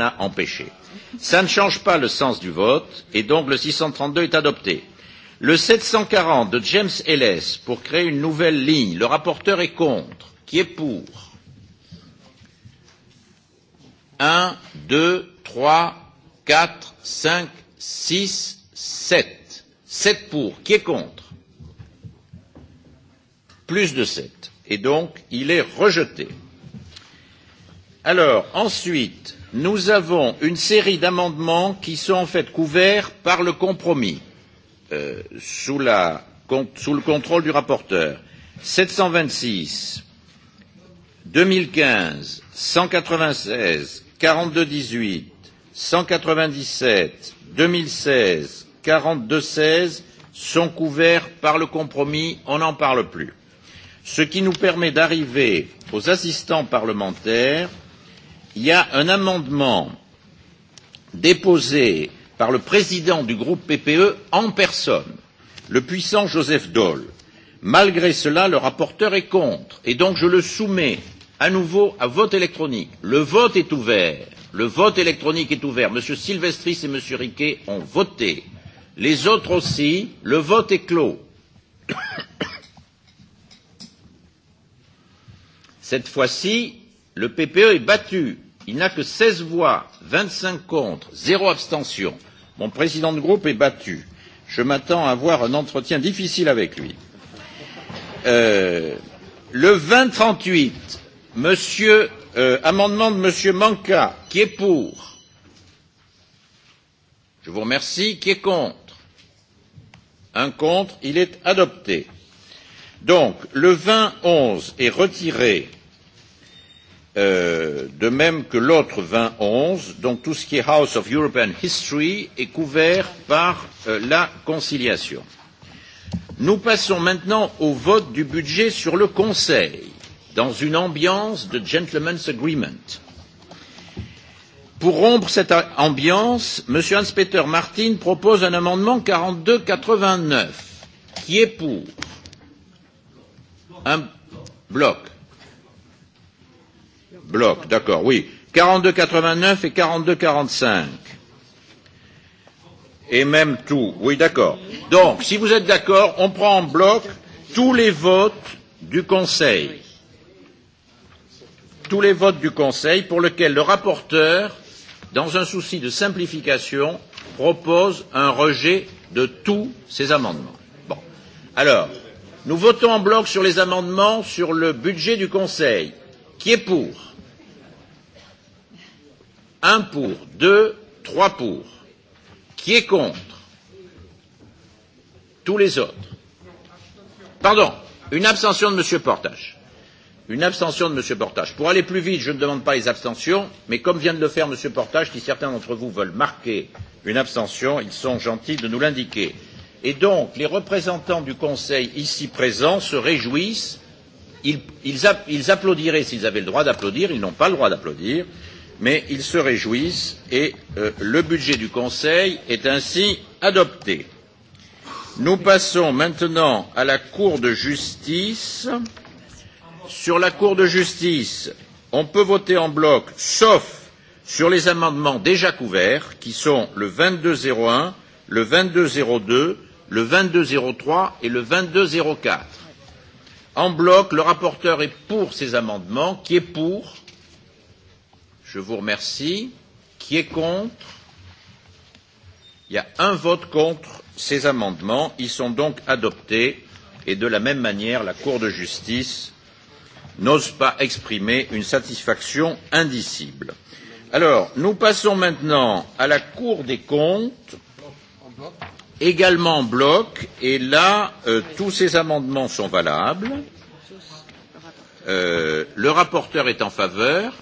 a empêché. Ça ne change pas le sens du vote et donc le 632 est adopté. Le 740 de James Ellis pour créer une nouvelle ligne. Le rapporteur est contre. Qui est pour Un, deux, trois, quatre, cinq, six, sept. Sept pour. Qui est contre Plus de sept. Et donc, il est rejeté. Alors, ensuite, nous avons une série d'amendements qui sont en fait couverts par le compromis euh, sous, la, sous le contrôle du rapporteur. Sept cent cent cent vingt quatre-vingt vingt six deux deux mille quinze, quatre seize, quarante dix huit, sept deux mille seize quarante deux seize sont couverts par le compromis, on n'en parle plus. Ce qui nous permet d'arriver aux assistants parlementaires il y a un amendement déposé par le président du groupe PPE en personne, le puissant Joseph Daul. Malgré cela, le rapporteur est contre, et donc je le soumets à nouveau à vote électronique. Le vote est ouvert. Le vote électronique est ouvert. Monsieur Silvestris et Monsieur Riquet ont voté. Les autres aussi. Le vote est clos. Cette fois-ci, le PPE est battu il n'a que seize voix, vingt cinq contre, zéro abstention. Mon président de groupe est battu. Je m'attends à avoir un entretien difficile avec lui. Euh, le vingt trente huit, monsieur euh, amendement de Monsieur Manca, qui est pour Je vous remercie. Qui est contre Un contre, il est adopté. Donc, le vingt onze est retiré. Euh, de même que l'autre vingt onze, donc tout ce qui est House of European History est couvert par euh, la conciliation. Nous passons maintenant au vote du budget sur le Conseil, dans une ambiance de gentleman's agreement. Pour rompre cette ambiance, M. Hans-Peter Martin propose un amendement quarante deux quatre-vingt-neuf, qui est pour un bloc Bloc, d'accord, oui. quatre-vingt-neuf et cinq. Et même tout, oui, d'accord. Donc, si vous êtes d'accord, on prend en bloc tous les votes du Conseil. Tous les votes du Conseil pour lesquels le rapporteur, dans un souci de simplification, propose un rejet de tous ces amendements. Bon. Alors, nous votons en bloc sur les amendements sur le budget du Conseil. Qui est pour Un pour, deux, trois pour. Qui est contre Tous les autres. Pardon, une abstention de M. Portage. Une abstention de M. Portage. Pour aller plus vite, je ne demande pas les abstentions, mais comme vient de le faire M. Portage, si certains d'entre vous veulent marquer une abstention, ils sont gentils de nous l'indiquer. Et donc, les représentants du Conseil ici présents se réjouissent, ils, ils, ils applaudiraient s'ils avaient le droit d'applaudir, ils n'ont pas le droit d'applaudir, mais ils se réjouissent et euh, le budget du Conseil est ainsi adopté. Nous passons maintenant à la Cour de justice. Sur la Cour de justice, on peut voter en bloc, sauf sur les amendements déjà couverts, qui sont le vingt deux zéro un, le vingt deux zéro deux, le vingt deux zéro trois et le vingt deux zéro quatre. En bloc, le rapporteur est pour ces amendements. Qui est pour je vous remercie. Qui est contre Il y a un vote contre ces amendements. Ils sont donc adoptés. Et de la même manière, la Cour de justice n'ose pas exprimer une satisfaction indicible. Alors, nous passons maintenant à la Cour des comptes, également en bloc, et là, euh, tous ces amendements sont valables. Euh, le rapporteur est en faveur.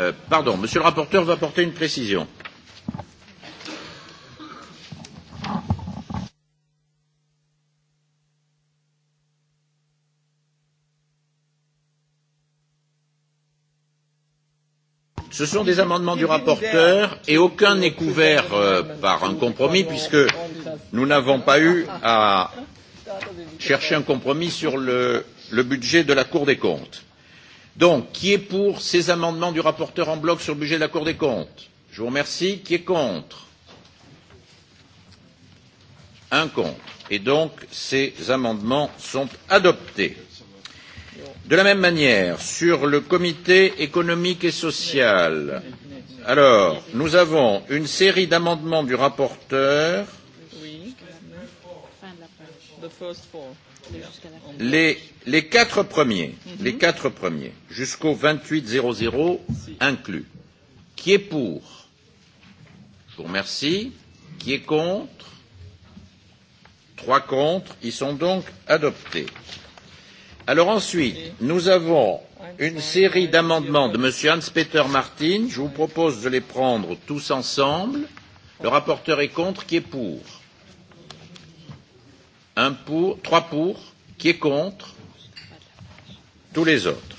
Euh, pardon, Monsieur le rapporteur va apporter une précision. Ce sont des amendements du rapporteur et aucun n'est couvert euh, par un compromis puisque nous n'avons pas eu à chercher un compromis sur le, le budget de la Cour des comptes. Donc, qui est pour ces amendements du rapporteur en bloc sur le budget de la Cour des comptes Je vous remercie. Qui est contre Un contre. Et donc, ces amendements sont adoptés. De la même manière, sur le comité économique et social, alors, nous avons une série d'amendements du rapporteur. Les les quatre premiers, mm -hmm. les quatre premiers, jusqu'au vingt huit zéro zéro inclus. Qui est pour Je vous remercie. Qui est contre Trois contre. Ils sont donc adoptés. Alors ensuite, nous avons une série d'amendements de M. Hans-Peter Martin. Je vous propose de les prendre tous ensemble. Le rapporteur est contre. Qui est pour Un pour, trois pour. Qui est contre tous les autres.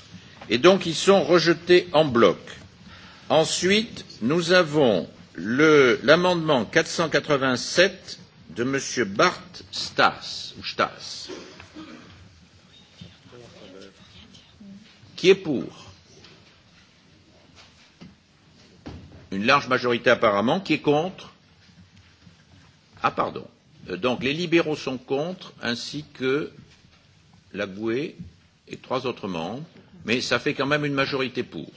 Et donc, ils sont rejetés en bloc. Ensuite, nous avons l'amendement quatre cent quatre vingt sept de M. Bart Stas, ou Stas. Qui est pour Une large majorité apparemment. Qui est contre Ah, pardon. Euh, donc les libéraux sont contre, ainsi que la Gouée et trois autres membres, mais ça fait quand même une majorité pour.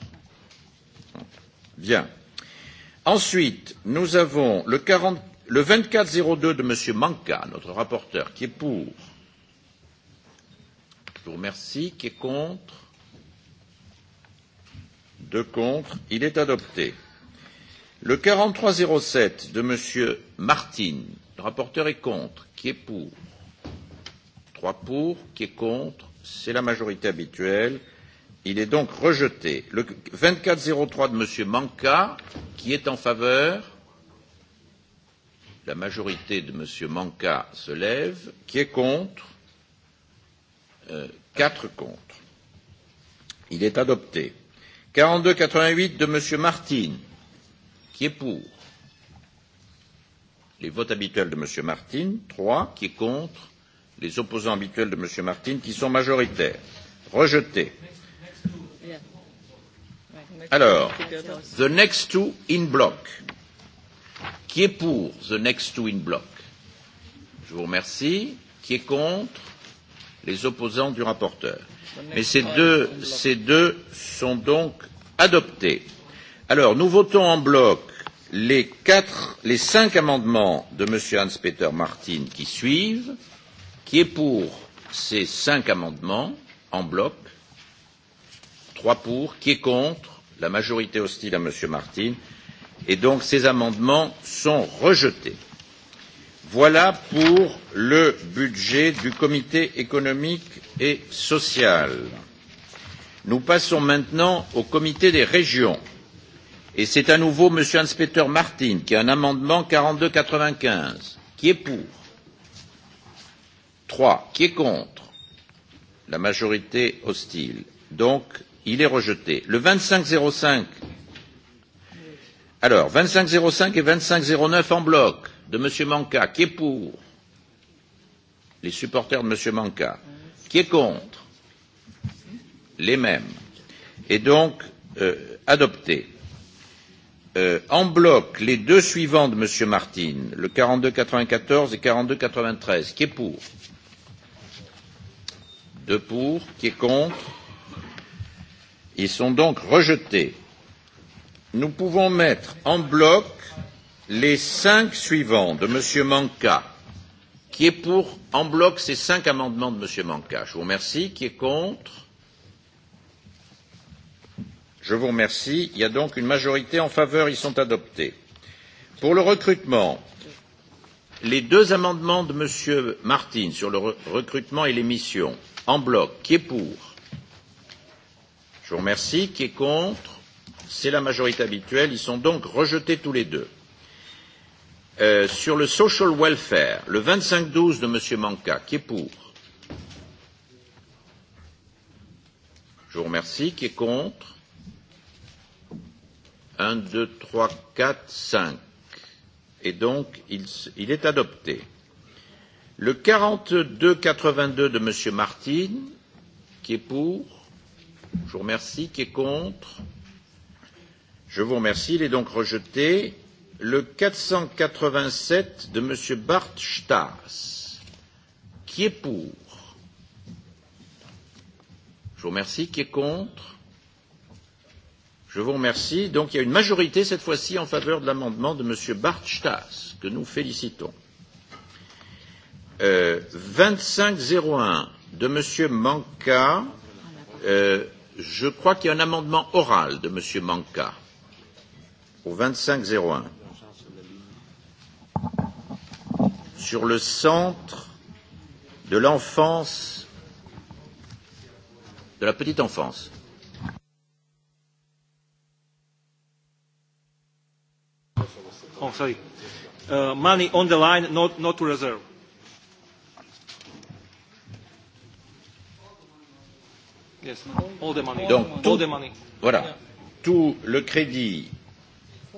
Bien. Ensuite, nous avons le, 40, le 2402 de M. Manca, notre rapporteur, qui est pour. Je vous remercie. Qui est contre Deux contre. Il est adopté. Le 4307 de M. Martin, le rapporteur est contre. Qui est pour Trois pour. Qui est contre c'est la majorité habituelle. Il est donc rejeté. Le 2403 de M. Manca, qui est en faveur, la majorité de M. Manca se lève, qui est contre, euh, contre. Il est adopté. 4288 de M. Martin, qui est pour. Les votes habituels de M. Martin, 3, qui est contre, les opposants habituels de m. martin qui sont majoritaires rejeté. alors the next two in bloc qui est pour the next two in bloc je vous remercie qui est contre les opposants du rapporteur mais ces deux, ces deux sont donc adoptés. alors nous votons en bloc les, quatre, les cinq amendements de m. hans peter martin qui suivent qui est pour ces cinq amendements en bloc Trois pour, qui est contre La majorité hostile à M. Martin. Et donc ces amendements sont rejetés. Voilà pour le budget du Comité économique et social. Nous passons maintenant au Comité des régions. Et c'est à nouveau M. Hans-Peter Martin qui a un amendement vingt quinze, Qui est pour Trois. Qui est contre La majorité hostile. Donc, il est rejeté. Le vingt cinq zéro cinq Alors, cinq et vingt-cinq zéro neuf en bloc de M. Manca. Qui est pour Les supporters de M. Manca. Qui est contre Les mêmes. Et donc, euh, adopté. Euh, en bloc, les deux suivants de M. Martin, le quarante deux quatre vingt quatorze et quarante deux quatre vingt treize. Qui est pour deux pour, qui est contre. Ils sont donc rejetés. Nous pouvons mettre en bloc les cinq suivants de M. Manca. Qui est pour en bloc ces cinq amendements de M. Manca Je vous remercie. Qui est contre Je vous remercie. Il y a donc une majorité en faveur. Ils sont adoptés. Pour le recrutement, les deux amendements de M. Martin sur le recrutement et les missions en bloc. Qui est pour Je vous remercie. Qui est contre C'est la majorité habituelle. Ils sont donc rejetés tous les deux. Euh, sur le social welfare, le vingt cinq douze de M. Manca, qui est pour Je vous remercie. Qui est contre 1, 2, 3, 4, 5. Et donc, il, il est adopté. Le quarante deux quatre-vingt-deux de Monsieur Martin, qui est pour, je vous remercie, qui est contre, je vous remercie, il est donc rejeté. Le quatre cent quatre-vingt-sept de Monsieur Bart staes qui est pour, je vous remercie, qui est contre, je vous remercie. Donc il y a une majorité cette fois-ci en faveur de l'amendement de Monsieur Bart staes que nous félicitons. Euh, vingt cinq zéro un de Monsieur Manca. Euh, je crois qu'il y a un amendement oral de Monsieur Manca au vingt cinq zéro un sur le centre de l'enfance, de la petite enfance. Oh, sorry. Uh, money on the line, not, not to reserve. Yes. All the money. Donc, tout, all the money. Voilà. Yeah. Tout le crédit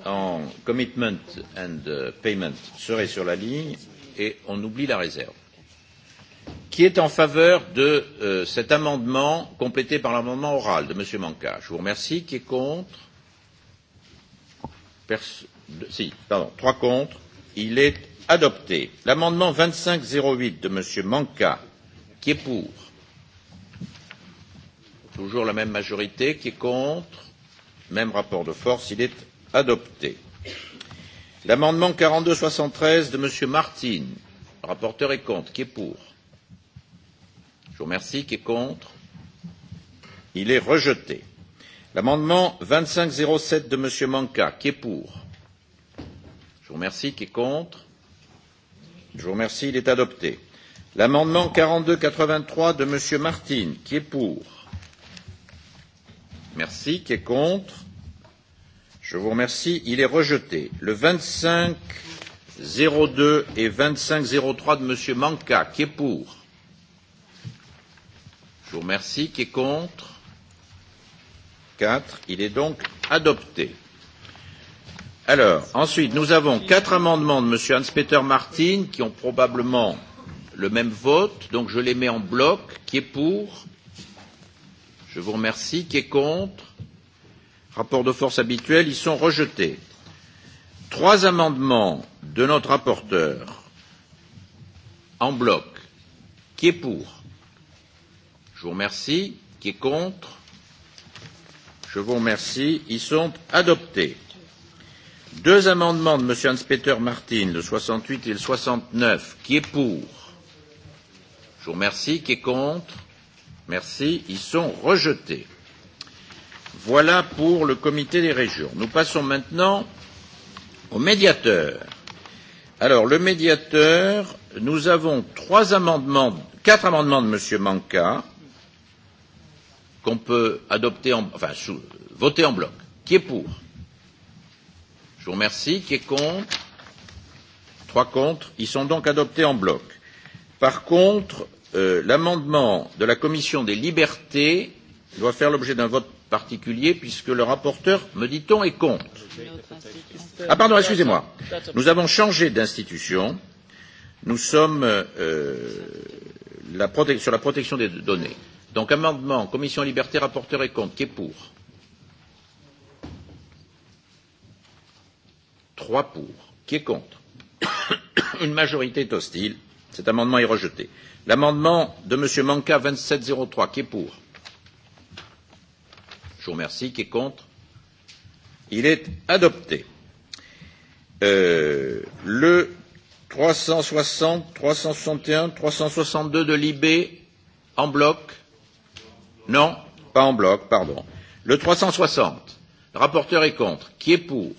en commitment and euh, payment serait sur la ligne et on oublie la réserve. Qui est en faveur de euh, cet amendement complété par l'amendement oral de M. Manca Je vous remercie. Qui est contre Pers de, Si, pardon, trois contre. Il est adopté. L'amendement 2508 de M. Manca, qui est pour Toujours la même majorité qui est contre. Même rapport de force, il est adopté. L'amendement quarante deux soixante treize de Monsieur Martin, le rapporteur est contre, qui est pour Je vous remercie, qui est contre Il est rejeté. L'amendement vingt cinq zéro sept de Monsieur Manca, qui est pour Je vous remercie, qui est contre Je vous remercie, il est adopté. L'amendement quarante deux quatre-vingt-trois de Monsieur Martin, qui est pour Merci. Qui est contre Je vous remercie. Il est rejeté. Le 25 02 et 25 03 de M. Manca. Qui est pour Je vous remercie. Qui est contre 4. Il est donc adopté. Alors, ensuite, nous avons quatre amendements de M. Hans-Peter Martin qui ont probablement le même vote, donc je les mets en bloc. Qui est pour je vous remercie. Qui est contre Rapport de force habituel, ils sont rejetés. Trois amendements de notre rapporteur en bloc. Qui est pour Je vous remercie. Qui est contre Je vous remercie. Ils sont adoptés. Deux amendements de M. Hans-Peter Martin, le 68 et le 69. Qui est pour Je vous remercie. Qui est contre Merci. Ils sont rejetés. Voilà pour le comité des régions. Nous passons maintenant au médiateur. Alors, le médiateur, nous avons trois amendements, quatre amendements de M. Manca qu'on peut adopter en, enfin, sous, voter en bloc. Qui est pour Je vous remercie. Qui est contre Trois contre. Ils sont donc adoptés en bloc. Par contre, Euh, l'amendement de la commission des libertés doit faire l'objet d'un vote particulier puisque le rapporteur, me dit-on, est contre. Ah pardon, excusez-moi. Nous avons changé d'institution. Nous sommes euh, la sur la protection des données. Donc amendement, commission liberté, rapporteur est contre. Qui est pour Trois pour. Qui est contre Une majorité est hostile. Cet amendement est rejeté. L'amendement de M. Manca vingt sept zéro trois, qui est pour Je vous remercie. Qui est contre Il est adopté. Euh, le trois cent soixante, trois cent soixante et un, trois cent soixante deux de l'IB en bloc Non, pas en bloc, pardon. Le trois cent soixante, le rapporteur est contre. Qui est pour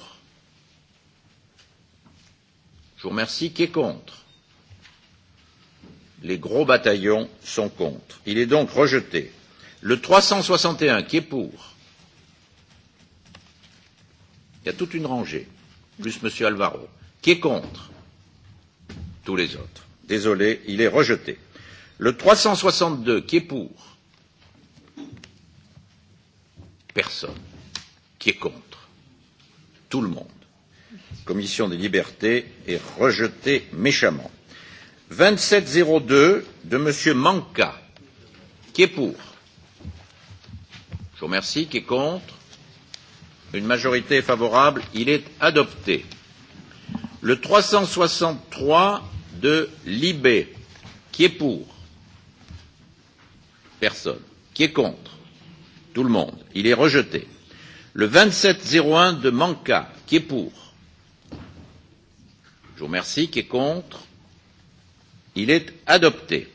Je vous remercie. Qui est contre Les gros bataillons sont contre. Il est donc rejeté. Le 361 qui est pour. Il y a toute une rangée, plus M. Alvaro. Qui est contre Tous les autres. Désolé, il est rejeté. Le 362 qui est pour Personne. Qui est contre Tout le monde. Commission des libertés est rejetée méchamment. Vingt sept zéro deux de Monsieur Manca. Qui est pour Je vous remercie. Qui est contre Une majorité est favorable. Il est adopté. Le trois cent soixante trois de LIBE, Qui est pour Personne. Qui est contre Tout le monde. Il est rejeté. Le vingt sept zéro un de Manca. Qui est pour Je vous remercie. Qui est contre Il est adopté.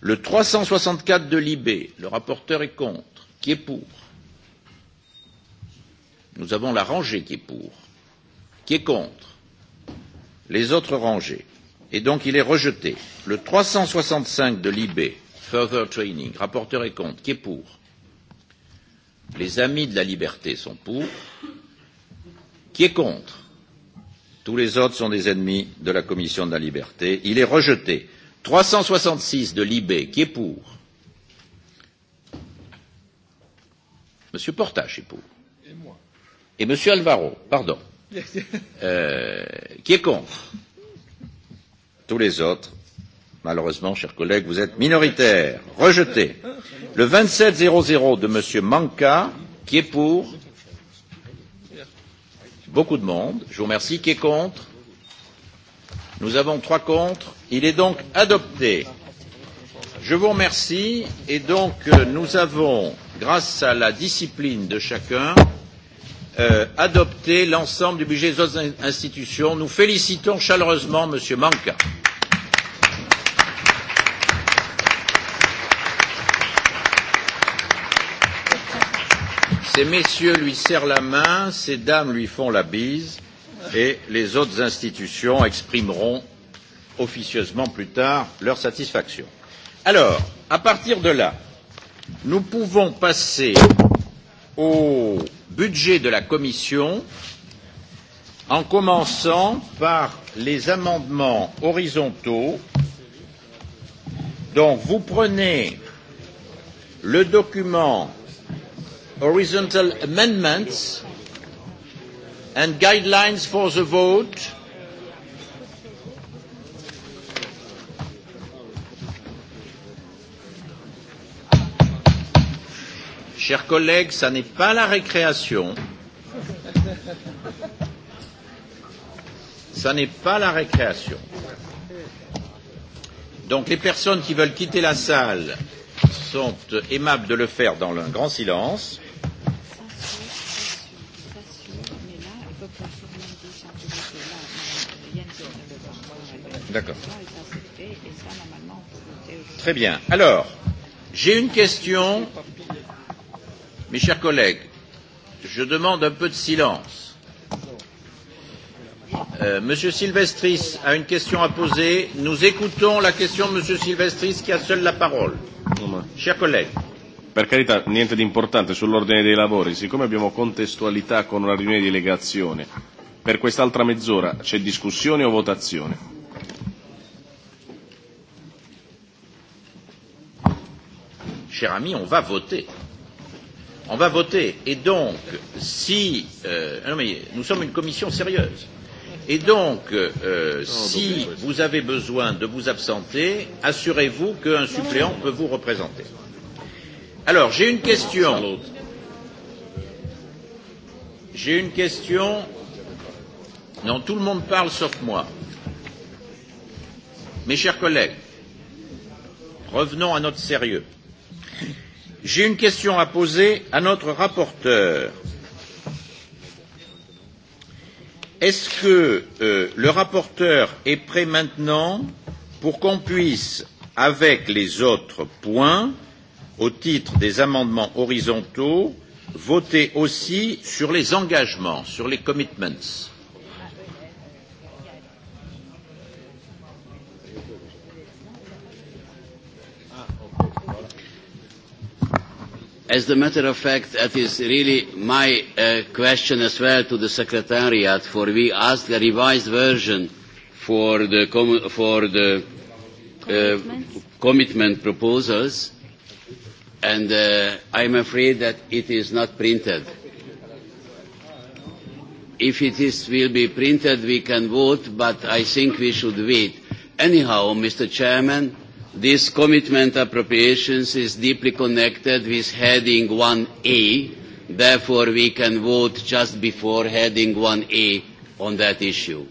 Le 364 de Libé, le rapporteur est contre. Qui est pour Nous avons la rangée qui est pour. Qui est contre Les autres rangées. Et donc il est rejeté. Le 365 de Libé, Further Training, rapporteur est contre. Qui est pour Les amis de la liberté sont pour. Qui est contre Tous les autres sont des ennemis de la commission de la liberté. Il est rejeté. 366 de l'IB, qui est pour Monsieur Portage est pour. Et moi. Et Monsieur Alvaro, pardon. Euh, qui est contre Tous les autres. Malheureusement, chers collègues, vous êtes minoritaires. Rejeté. Le 2700 de Monsieur Manca, qui est pour beaucoup de monde. Je vous remercie. Qui est contre Nous avons trois contre. Il est donc adopté. Je vous remercie. Et donc, euh, nous avons, grâce à la discipline de chacun, euh, adopté l'ensemble du budget des autres institutions. Nous félicitons chaleureusement M. Manka. Ces messieurs lui serrent la main, ces dames lui font la bise, et les autres institutions exprimeront officieusement plus tard leur satisfaction. Alors, à partir de là, nous pouvons passer au budget de la Commission en commençant par les amendements horizontaux. Donc, vous prenez le document horizontal amendments and guidelines for the vote. Chers collègues, ça n'est pas la récréation. Ça n'est pas la récréation. Donc les personnes qui veulent quitter la salle sont aimables de le faire dans un grand silence. D'accord. Très bien. Alors, j'ai une question. Mes chers collègues, je demande un peu de silence. Euh, Monsieur Silvestris a une question à poser. Nous écoutons la question de Monsieur Silvestris qui a seul la parole. Chers collègues. Per carità, niente di importante sull'ordine dei lavori. Siccome abbiamo contestualità con una riunione di delegazione, per quest'altra mezz'ora c'è discussione o votazione? cher ami, on va voter. On va voter. Et donc, si euh, ah non mais nous sommes une commission sérieuse. Et donc, euh, oh, si vous avez besoin de vous absenter, assurez-vous qu'un suppléant peut vous représenter. Alors, j'ai une question. J'ai une question. Non, tout le monde parle sauf moi. Mes chers collègues, revenons à notre sérieux. J'ai une question à poser à notre rapporteur. Est-ce que euh, le rapporteur est prêt maintenant pour qu'on puisse, avec les autres points, au titre des amendements horizontaux, voter aussi sur les engagements, sur les commitments As a matter of fact, that is really my uh, question as well to the Secretariat, for we asked a revised version for the, com for the uh, commitment proposals, and uh, I'm afraid that it is not printed. If it is, will be printed, we can vote, but I think we should wait. Anyhow, Mr. Chairman, This commitment appropriations is deeply connected with heading 1A, therefore we can vote just before heading 1A on that issue.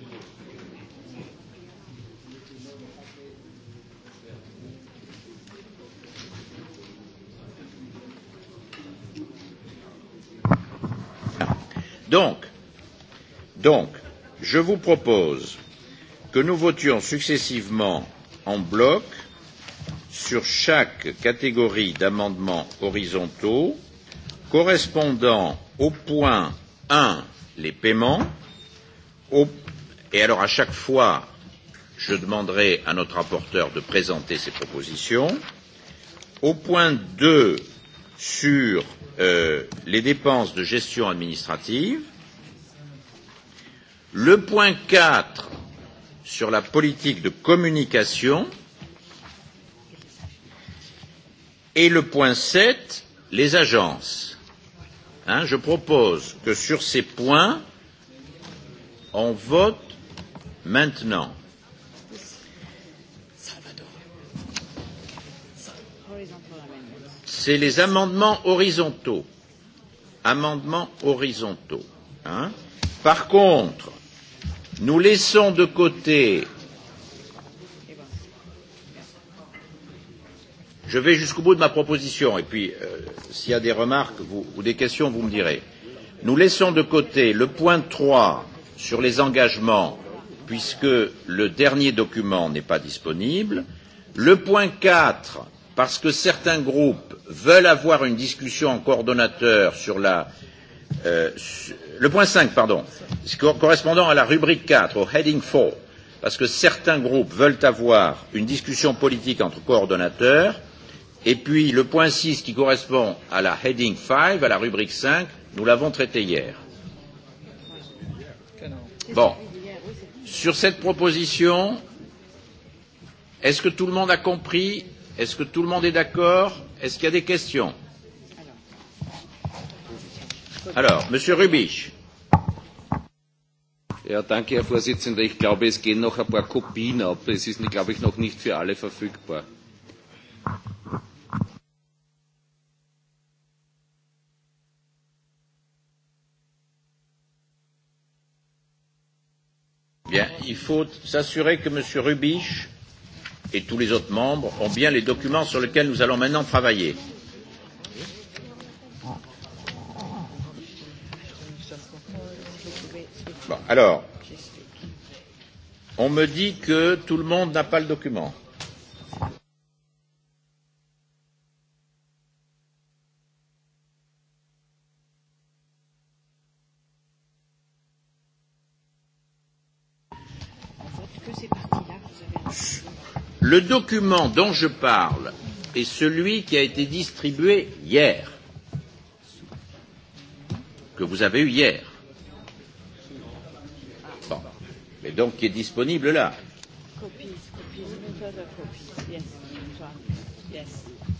Donc, donc, je vous propose que nous votions successivement en bloc sur chaque catégorie d'amendements horizontaux correspondant au point un les paiements au... et alors à chaque fois je demanderai à notre rapporteur de présenter ses propositions au point deux sur euh, les dépenses de gestion administrative le point quatre sur la politique de communication Et le point sept, les agences. Hein, je propose que sur ces points, on vote maintenant. C'est les amendements horizontaux. Amendements horizontaux. Hein. Par contre, nous laissons de côté Je vais jusqu'au bout de ma proposition et puis euh, s'il y a des remarques vous, ou des questions, vous me direz. Nous laissons de côté le point 3 sur les engagements puisque le dernier document n'est pas disponible. Le point 4 parce que certains groupes veulent avoir une discussion en coordonnateur sur la. Euh, le point 5, pardon, correspondant à la rubrique 4, au heading 4, parce que certains groupes veulent avoir une discussion politique entre coordonnateurs Et puis le point six qui correspond à la heading five, à la rubrique cinq, nous l'avons traité hier. Bon. Sur cette proposition, est-ce que tout le monde a compris Est-ce que tout le monde est d'accord Est-ce qu'il y a des questions Alors, Monsieur Rubisch Ja, danke, Herr Vorsitzender. Ich glaube, es gehen noch ein paar Kopien ab. Es ist, glaube ich, noch nicht für alle verfügbar. Bien, il faut s'assurer que M. Rubich et tous les autres membres ont bien les documents sur lesquels nous allons maintenant travailler. Bon, alors, on me dit que tout le monde n'a pas le document. Le document dont je parle est celui qui a été distribué hier, que vous avez eu hier, bon. mais donc qui est disponible là.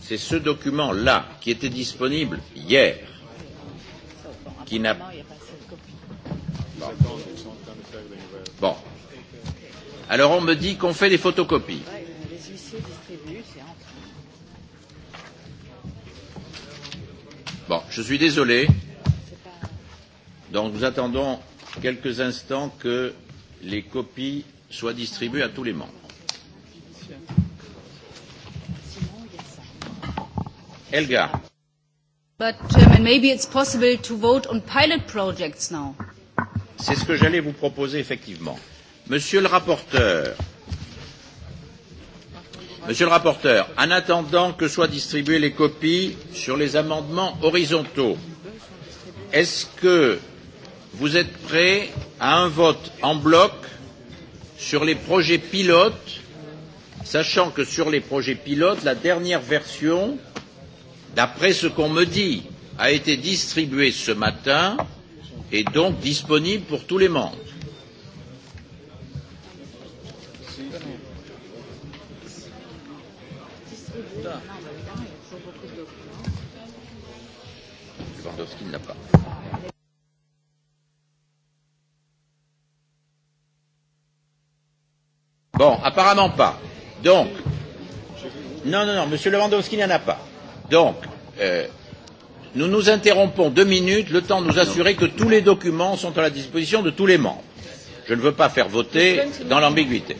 C'est ce document-là qui était disponible hier, qui n'a Bon. Alors on me dit qu'on fait des photocopies. Bon, je suis désolé. Donc nous attendons quelques instants que les copies soient distribuées à tous les membres. Elga. But Chairman, um, maybe it's possible to vote on pilot projects now. C'est ce que j'allais vous proposer effectivement. Monsieur le rapporteur, Monsieur le rapporteur, en attendant que soient distribuées les copies sur les amendements horizontaux, est-ce que vous êtes prêt à un vote en bloc sur les projets pilotes, sachant que sur les projets pilotes, la dernière version, d'après ce qu'on me dit, a été distribuée ce matin et donc disponible pour tous les membres. Lewandowski ne l'a pas. Bon, apparemment pas. Donc, non, non, non, Monsieur Lewandowski n'en a pas. Donc, euh, nous nous interrompons deux minutes, le temps de nous assurer que tous les documents sont à la disposition de tous les membres. Je ne veux pas faire voter dans l'ambiguïté.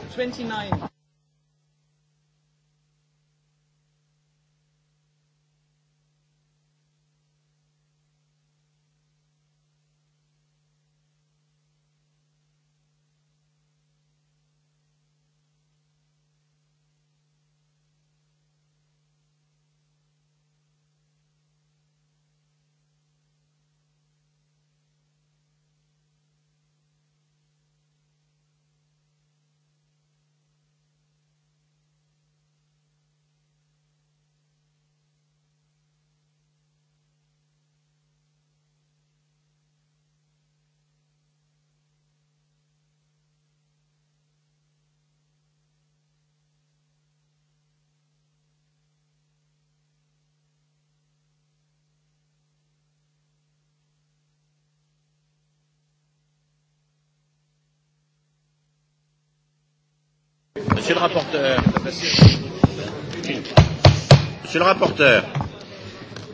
Monsieur le rapporteur. Monsieur le rapporteur.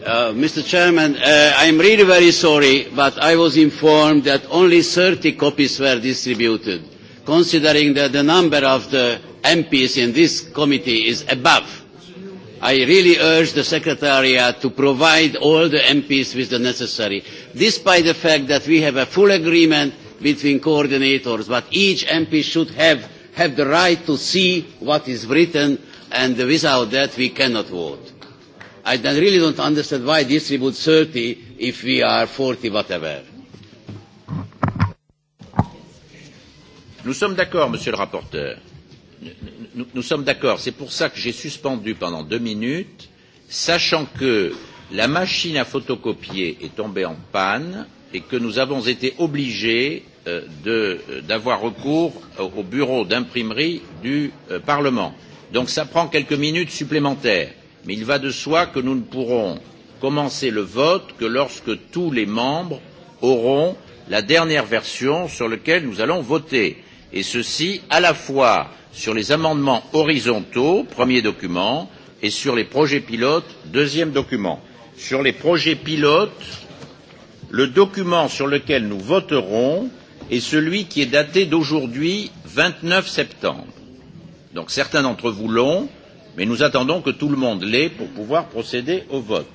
Uh, Mr. Chairman, uh, I'm really very sorry, but I was informed that only 30 copies were distributed, considering that the number of the MPs in this committee is above. I really urge the Secretariat to provide all the MPs with the necessary, despite the fact that we have a full agreement between coordinators, but each MP should have have the right to see what is written, and without that we cannot vote. I really don't understand why distribute 30 if we are 40, whatever. Nous sommes d'accord, monsieur le rapporteur. Nous, nous sommes d'accord. C'est pour ça que j'ai suspendu pendant deux minutes, sachant que la machine à photocopier est tombée en panne et que nous avons été obligés Euh, euh, d'avoir recours au bureau d'imprimerie du euh, Parlement. Donc cela prend quelques minutes supplémentaires, mais il va de soi que nous ne pourrons commencer le vote que lorsque tous les membres auront la dernière version sur laquelle nous allons voter, et ceci à la fois sur les amendements horizontaux, premier document, et sur les projets pilotes, deuxième document. Sur les projets pilotes, le document sur lequel nous voterons et celui qui est daté d'aujourd'hui, 29 septembre. Donc certains d'entre vous l'ont, mais nous attendons que tout le monde l'ait pour pouvoir procéder au vote.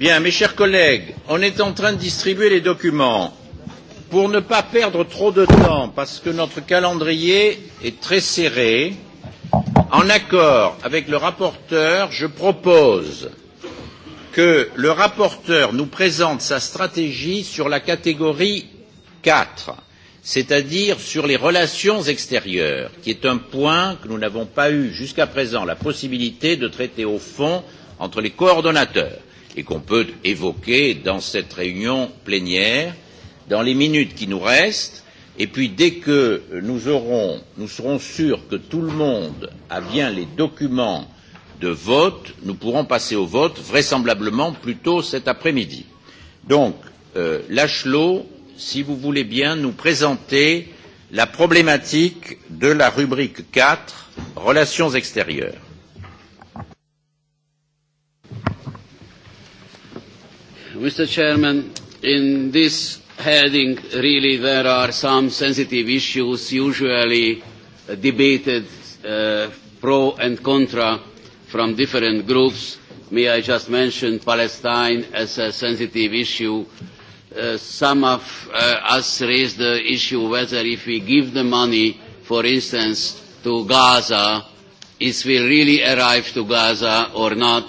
Bien, mes chers collègues, on est en train de distribuer les documents. Pour ne pas perdre trop de temps, parce que notre calendrier est très serré, en accord avec le rapporteur, je propose que le rapporteur nous présente sa stratégie sur la catégorie quatre, c'est-à-dire sur les relations extérieures, qui est un point que nous n'avons pas eu jusqu'à présent la possibilité de traiter au fond entre les coordonnateurs et qu'on peut évoquer dans cette réunion plénière dans les minutes qui nous restent. Et puis dès que nous, aurons, nous serons sûrs que tout le monde a bien les documents de vote, nous pourrons passer au vote vraisemblablement plus tôt cet après-midi. Donc, euh, Lachelot, si vous voulez bien nous présenter la problématique de la rubrique 4, relations extérieures. Mr. Chairman, in this heading, really, there are some sensitive issues usually debated uh, pro and contra from different groups. May I just mention Palestine as a sensitive issue? Uh, some of uh, us raised the issue whether if we give the money, for instance, to Gaza, it will really arrive to Gaza or not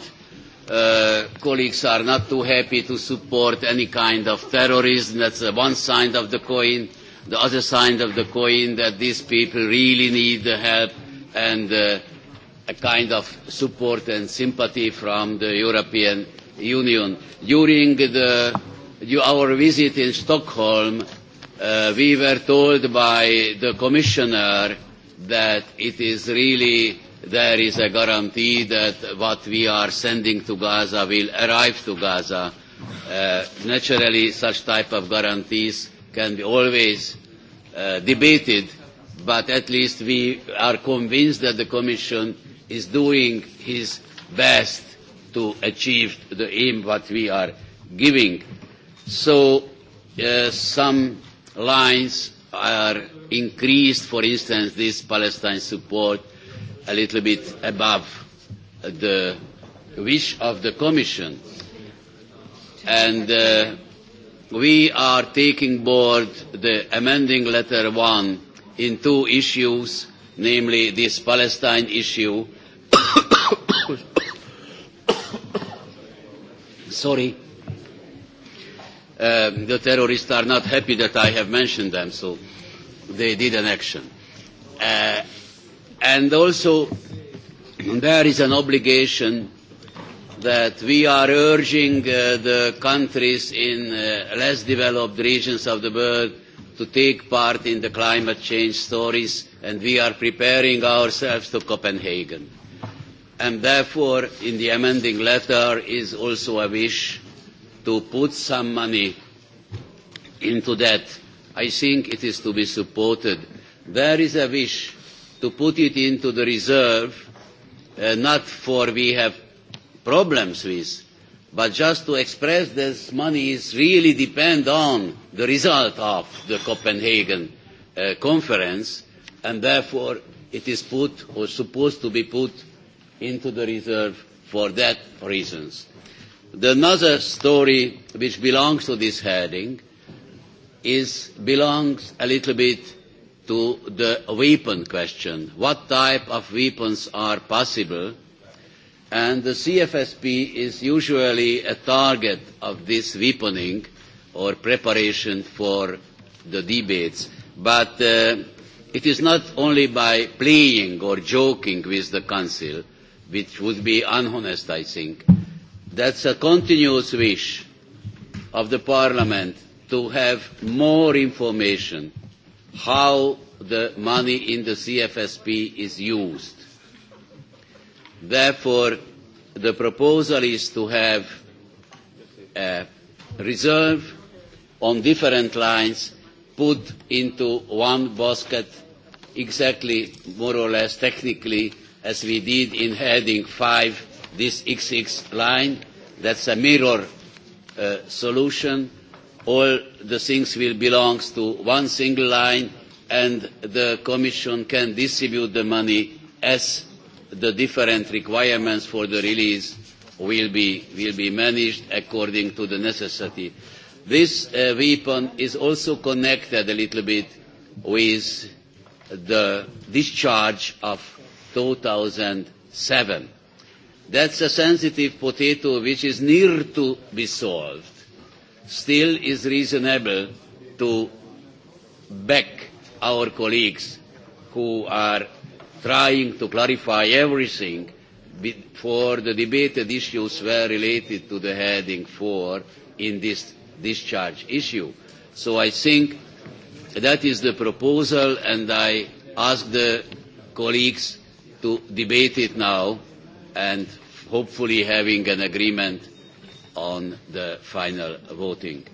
uh, colleagues are not too happy to support any kind of terrorism. That's uh, one side of the coin. The other side of the coin that these people really need the help and uh, a kind of support and sympathy from the European Union. During the, our visit in Stockholm, uh, we were told by the Commissioner that it is really there is a guarantee that what we are sending to Gaza will arrive to Gaza. Uh, naturally, such type of guarantees can be always uh, debated, but at least we are convinced that the Commission is doing his best to achieve the aim that we are giving. So uh, some lines are increased, for instance, this Palestine support a little bit above the wish of the Commission. And uh, we are taking board the amending letter one in two issues, namely this Palestine issue. Sorry. Uh, the terrorists are not happy that I have mentioned them, so they did an action. Uh, And also, there is an obligation that we are urging uh, the countries in uh, less developed regions of the world to take part in the climate change stories, and we are preparing ourselves to Copenhagen. And therefore, in the amending letter is also a wish to put some money into that. I think it is to be supported. There is a wish to put it into the reserve, uh, not for we have problems with, but just to express this money is really depend on the result of the Copenhagen uh, conference, and therefore it is put or supposed to be put into the reserve for that reasons. The another story which belongs to this heading is belongs a little bit to the weapon question. What type of weapons are possible? And the CFSP is usually a target of this weaponing or preparation for the debates. But uh, it is not only by playing or joking with the Council, which would be unhonest, I think. That's a continuous wish of the Parliament to have more information how the money in the CFSP is used. Therefore, the proposal is to have a reserve on different lines put into one basket exactly, more or less technically, as we did in heading 5, this XX line. That's a mirror uh, solution all the things will belong to one single line and the Commission can distribute the money as the different requirements for the release will be, will be managed according to the necessity. This uh, weapon is also connected a little bit with the discharge of 2007. That's a sensitive potato which is near to be solved still is reasonable to back our colleagues who are trying to clarify everything for the debated issues were related to the heading 4 in this discharge issue. So I think that is the proposal and I ask the colleagues to debate it now and hopefully having an agreement on the final voting.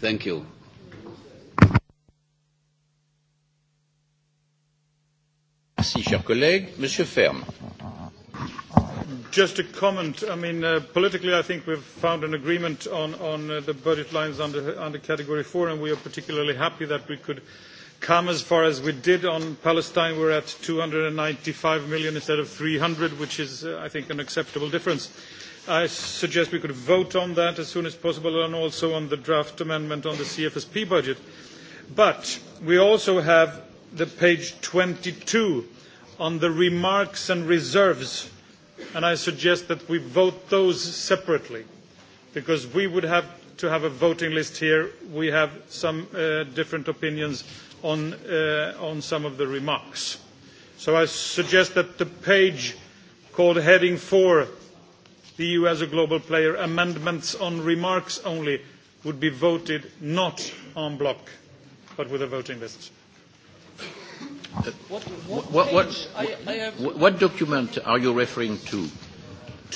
Thank you. Merci, cher collègue. Monsieur Ferme. Just a comment. I mean, uh, politically, I think we've found an agreement on, on uh, the budget lines under, under Category 4, and we are particularly happy that we could come as far as we did on Palestine. We're at 295 million instead of 300, which is, uh, I think, an acceptable difference. I suggest we could vote on that as soon as possible and also on the draft amendment on the CFSP budget. But we also have the page 22 on the remarks and reserves, and I suggest that we vote those separately because we would have to have a voting list here. We have some uh, different opinions on, uh, on some of the remarks. So I suggest that the page called heading 4 the EU as a global player, amendments on remarks only would be voted not en bloc, but with a voting list. What, what, what, what, what document are you referring to?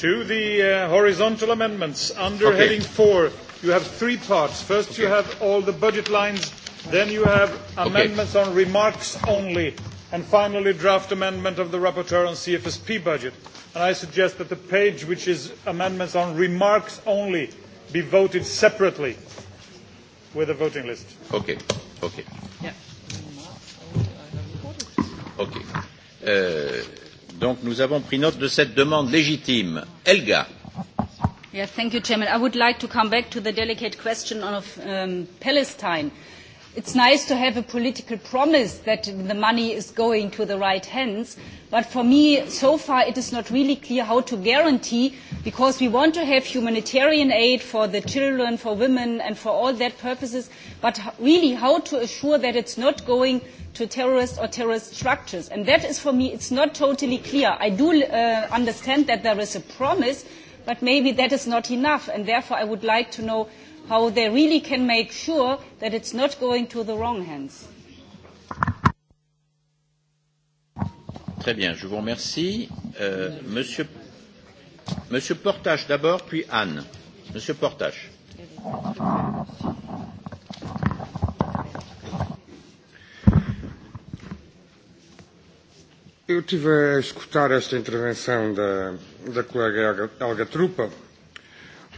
To the uh, horizontal amendments. Under okay. heading four, you have three parts. First, okay. you have all the budget lines. Then you have amendments okay. on remarks only and finally draft amendment of the rapporteur on CFSP budget. And I suggest that the page which is amendments on remarks only be voted separately with a voting list. Okay. Okay. Yeah. Okay. Euh, donc nous avons pris note de cette demande légitime. thank you, Chairman. I would like to come back to the delicate question of um, Palestine it's nice to have a political promise that the money is going to the right hands, but for me, so far, it is not really clear how to guarantee, because we want to have humanitarian aid for the children, for women, and for all that purposes, but really how to assure that it's not going to terrorist or terrorist structures. And that is, for me, it's not totally clear. I do uh, understand that there is a promise, but maybe that is not enough, and therefore I would like to know how they really can make sure that it's not going to the wrong hands. Très bien, je vous remercie. Euh, monsieur, monsieur Portage d'abord, puis Anne. Monsieur Portage. Eu a escutar esta intervenção da, da colega Trupa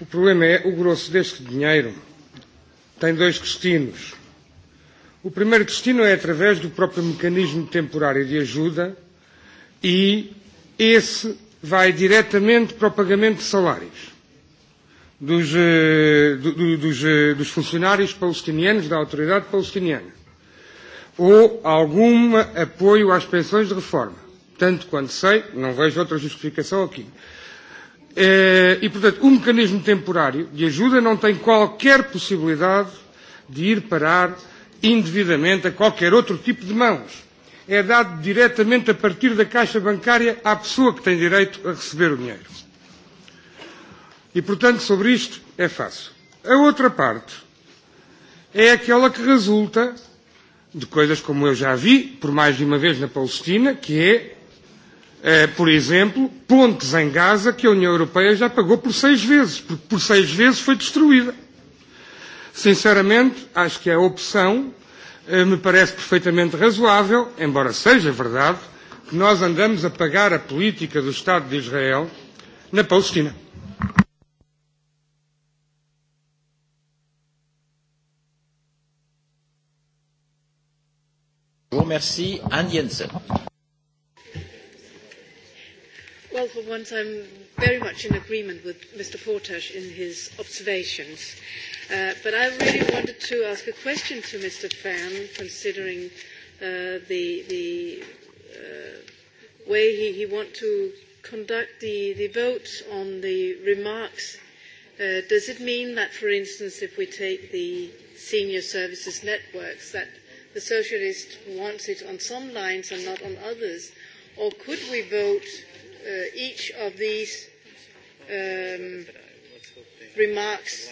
O problema é o grosso deste dinheiro. Tem dois destinos. O primeiro destino é através do próprio mecanismo temporário de ajuda e esse vai diretamente para o pagamento de salários dos, eh, do, dos, eh, dos funcionários palestinianos, da autoridade palestiniana, ou algum apoio às pensões de reforma. Tanto quanto sei, não vejo outra justificação aqui. Eh, e, portanto, o um mecanismo temporário de ajuda não tem qualquer possibilidade de ir parar indevidamente a qualquer outro tipo de mãos. É dado diretamente a partir da caixa bancária à pessoa que tem direito a receber o dinheiro. E, portanto, sobre isto é fácil. A outra parte é aquela que resulta de coisas como eu já vi, por mais de uma vez na Palestina, que é por exemplo, pontes em Gaza que a União Europeia já pagou por seis vezes, porque por seis vezes foi destruída. Sinceramente, acho que a opção eh, me parece perfeitamente razoável, embora seja verdade que nós andamos a pagar a política do Estado de Israel na Palestina. Merci, Anne Jensen. Well, for once, I'm very much in agreement with Mr. Portash in his observations. Uh, but I really wanted to ask a question to Mr. Pham, considering uh, the, the uh, way he, he wants to conduct the, the vote on the remarks. Uh, does it mean that, for instance, if we take the senior services networks, that the socialist wants it on some lines and not on others? Or could we vote uh, each of these um, remarks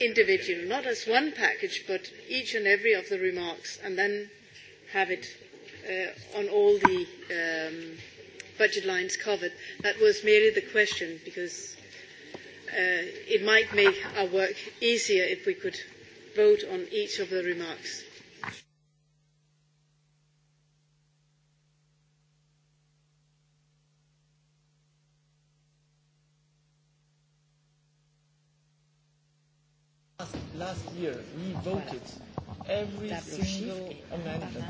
individually, not as one package, but each and every of the remarks, and then have it uh, on all the um, budget lines covered. That was merely the question, because uh, it might make our work easier if we could vote on each of the remarks. last year, we voted every single amendment.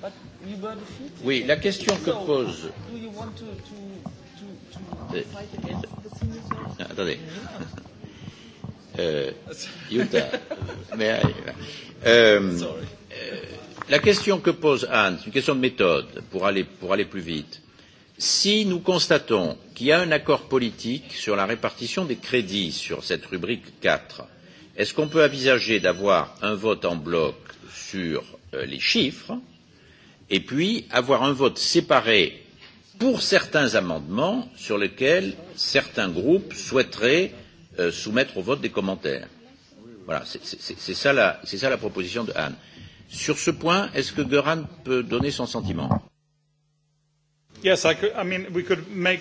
But we were defeated. Oui, la question que pose. Do you want to, to, to, to eh, fight against the signatures? Ah, attendez. Euh, Utah. Mais, euh, euh, la question que pose Anne, c'est une question de méthode pour aller, pour aller plus vite si nous constatons qu'il y a un accord politique sur la répartition des crédits sur cette rubrique quatre, est-ce qu'on peut envisager d'avoir un vote en bloc sur euh, les chiffres et puis avoir un vote séparé pour certains amendements sur lesquels certains groupes souhaiteraient euh, soumettre au vote des commentaires Voilà, c'est ça, ça la proposition de Anne. Sur ce point, est-ce que Göran peut donner son sentiment Yes, I, could, I mean, we could make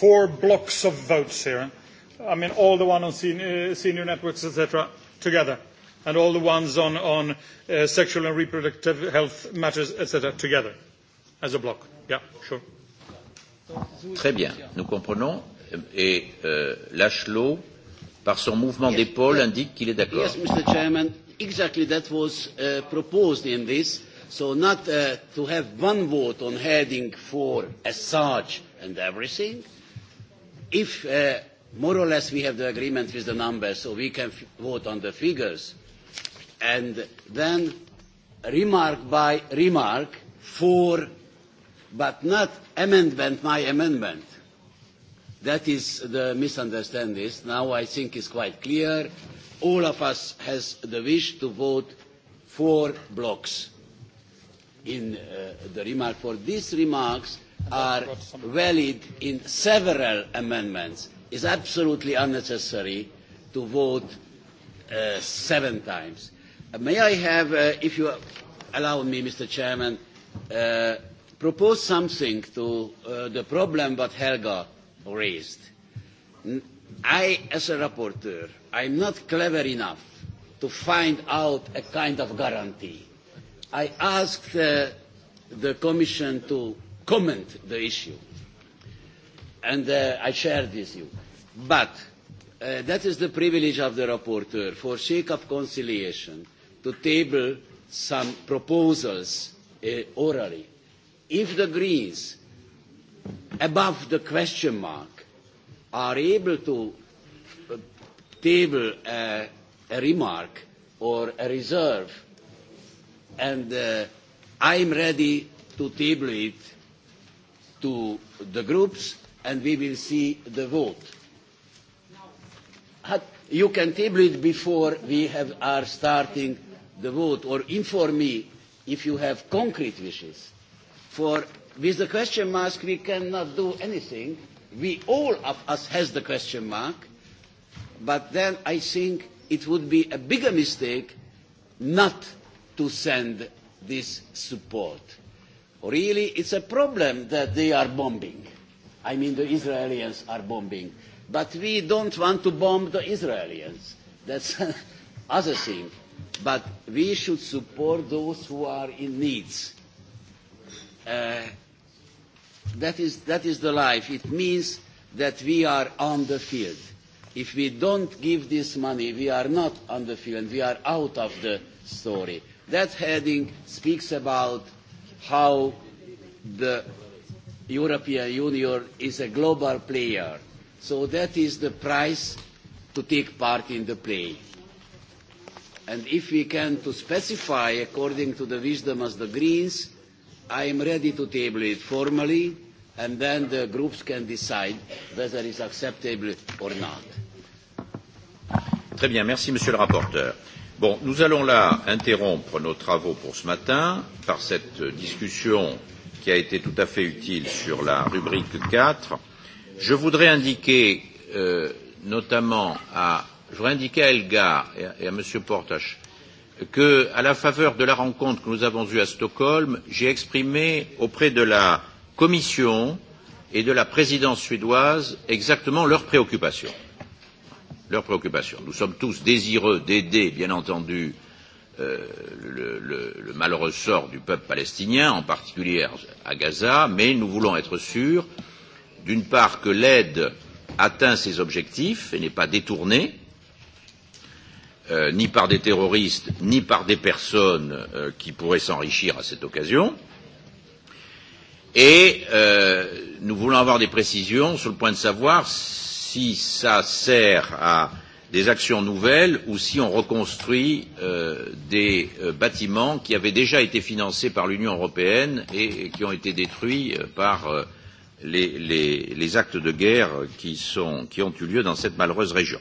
four blocks of votes here. I mean, all the ones on senior, uh, senior networks, et together, and all the ones on, on uh, sexual and reproductive health matters, et together, as a block. Yeah, sure. Très bien, nous comprenons. Et euh, Lachelot, par son mouvement yes, d'épaule, indique qu'il est d'accord. Yes, Mr. Chairman, exactly that was uh, proposed in this so not uh, to have one vote on heading for as such and everything. If uh, more or less we have the agreement with the numbers, so we can f vote on the figures, and then remark by remark for, but not amendment by amendment. That is the misunderstanding. Now I think it's quite clear. All of us has the wish to vote for blocks in uh, the remark for these remarks are valid in several amendments. It is absolutely unnecessary to vote uh, seven times. Uh, may I have, uh, if you allow me, Mr. Chairman, uh, propose something to uh, the problem that Helga raised. I, as a rapporteur, am not clever enough to find out a kind of guarantee i asked uh, the Commission to comment the issue, and uh, I shared with you. But uh, that is the privilege of the rapporteur for sake of conciliation to table some proposals uh, orally. If the Greens, above the question mark, are able to uh, table a, a remark or a reserve and uh, I'm ready to table it to the groups and we will see the vote. You can table it before we have, are starting the vote or inform me if you have concrete wishes. For with the question mark we cannot do anything. We all of us has the question mark, but then I think it would be a bigger mistake not to send this support. Really, it's a problem that they are bombing. I mean, the Israelis are bombing. But we don't want to bomb the Israelis. That's another thing. But we should support those who are in need. Uh, that, is, that is the life. It means that we are on the field. If we don't give this money, we are not on the field. We are out of the story. That heading speaks about how the European Union is a global player. So that is the price to take part in the play. And if we can to specify according to the wisdom of the Greens, I am ready to table it formally, and then the groups can decide whether it is acceptable or not. Très bien, merci Monsieur le rapporteur. Bon, nous allons là interrompre nos travaux pour ce matin par cette discussion qui a été tout à fait utile sur la rubrique 4. Je voudrais indiquer euh, notamment à, je voudrais indiquer à Elga et à, et à M. Portache que, à la faveur de la rencontre que nous avons eue à Stockholm, j'ai exprimé auprès de la Commission et de la présidence suédoise exactement leurs préoccupations leurs préoccupations. Nous sommes tous désireux d'aider, bien entendu, euh, le, le, le malheureux sort du peuple palestinien, en particulier à Gaza, mais nous voulons être sûrs, d'une part, que l'aide atteint ses objectifs et n'est pas détournée, euh, ni par des terroristes, ni par des personnes euh, qui pourraient s'enrichir à cette occasion, et euh, nous voulons avoir des précisions sur le point de savoir si si ça sert à des actions nouvelles ou si on reconstruit euh, des euh, bâtiments qui avaient déjà été financés par l'Union européenne et, et qui ont été détruits euh, par euh, les, les, les actes de guerre qui, sont, qui ont eu lieu dans cette malheureuse région.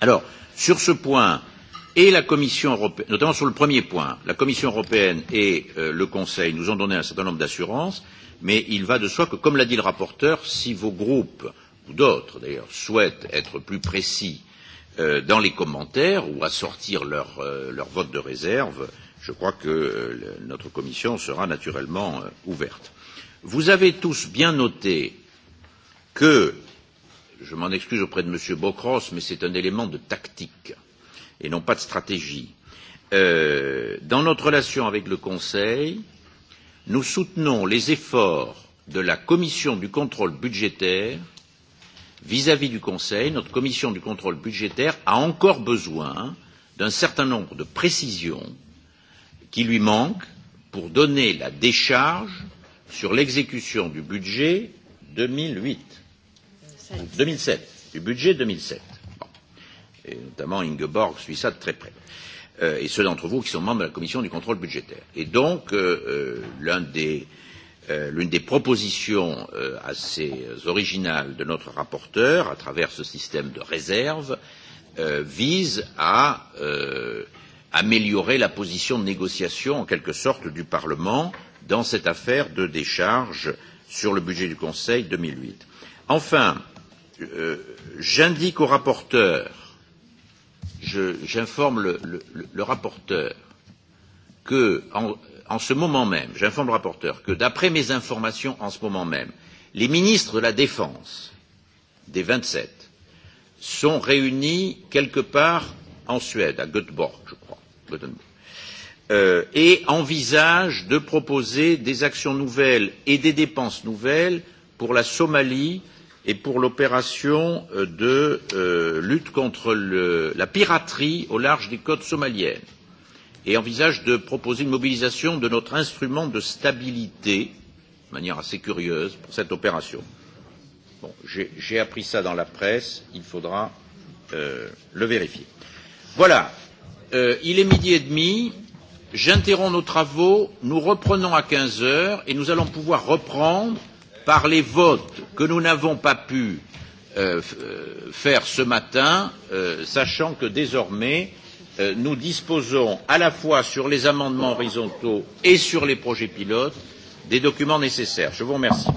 Alors, sur ce point, et la Commission européenne, notamment sur le premier point, la Commission européenne et euh, le Conseil nous ont donné un certain nombre d'assurances, mais il va de soi que, comme l'a dit le rapporteur, si vos groupes ou d'autres d'ailleurs souhaitent être plus précis euh, dans les commentaires ou assortir leur, euh, leur vote de réserve, je crois que euh, le, notre commission sera naturellement euh, ouverte. Vous avez tous bien noté que je m'en excuse auprès de M. Bocros, mais c'est un élément de tactique et non pas de stratégie. Euh, dans notre relation avec le Conseil, nous soutenons les efforts de la Commission du contrôle budgétaire vis à vis du Conseil, notre commission du contrôle budgétaire a encore besoin d'un certain nombre de précisions qui lui manquent pour donner la décharge sur l'exécution du budget deux mille huit deux mille sept du budget et notamment Ingeborg suit ça de très près euh, et ceux d'entre vous qui sont membres de la commission du contrôle budgétaire. Et donc euh, euh l'un des euh, Euh, l'une des propositions euh, assez originales de notre rapporteur, à travers ce système de réserve, euh, vise à améliorer la position de négociation, en quelque sorte, du Parlement dans cette affaire de décharge sur le budget du Conseil deux mille huit. Enfin, euh, j'indique au rapporteur, j'informe le, le, le, rapporteur que en, en ce moment même, j'informe le rapporteur que, d'après mes informations en ce moment même, les ministres de la Défense des vingt sept sont réunis quelque part en Suède, à Göteborg, je crois, Göteborg, euh, et envisagent de proposer des actions nouvelles et des dépenses nouvelles pour la Somalie et pour l'opération euh, de euh, lutte contre le, la piraterie au large des côtes somaliennes et envisage de proposer une mobilisation de notre instrument de stabilité, de manière assez curieuse, pour cette opération. Bon, J'ai appris ça dans la presse, il faudra euh, le vérifier. Voilà, euh, il est midi et demi, j'interromps nos travaux, nous reprenons à quinze heures et nous allons pouvoir reprendre par les votes que nous n'avons pas pu euh, euh faire ce matin, euh, sachant que désormais, Euh, nous disposons à la fois sur les amendements horizontaux et sur les projets pilotes des documents nécessaires. Je vous remercie.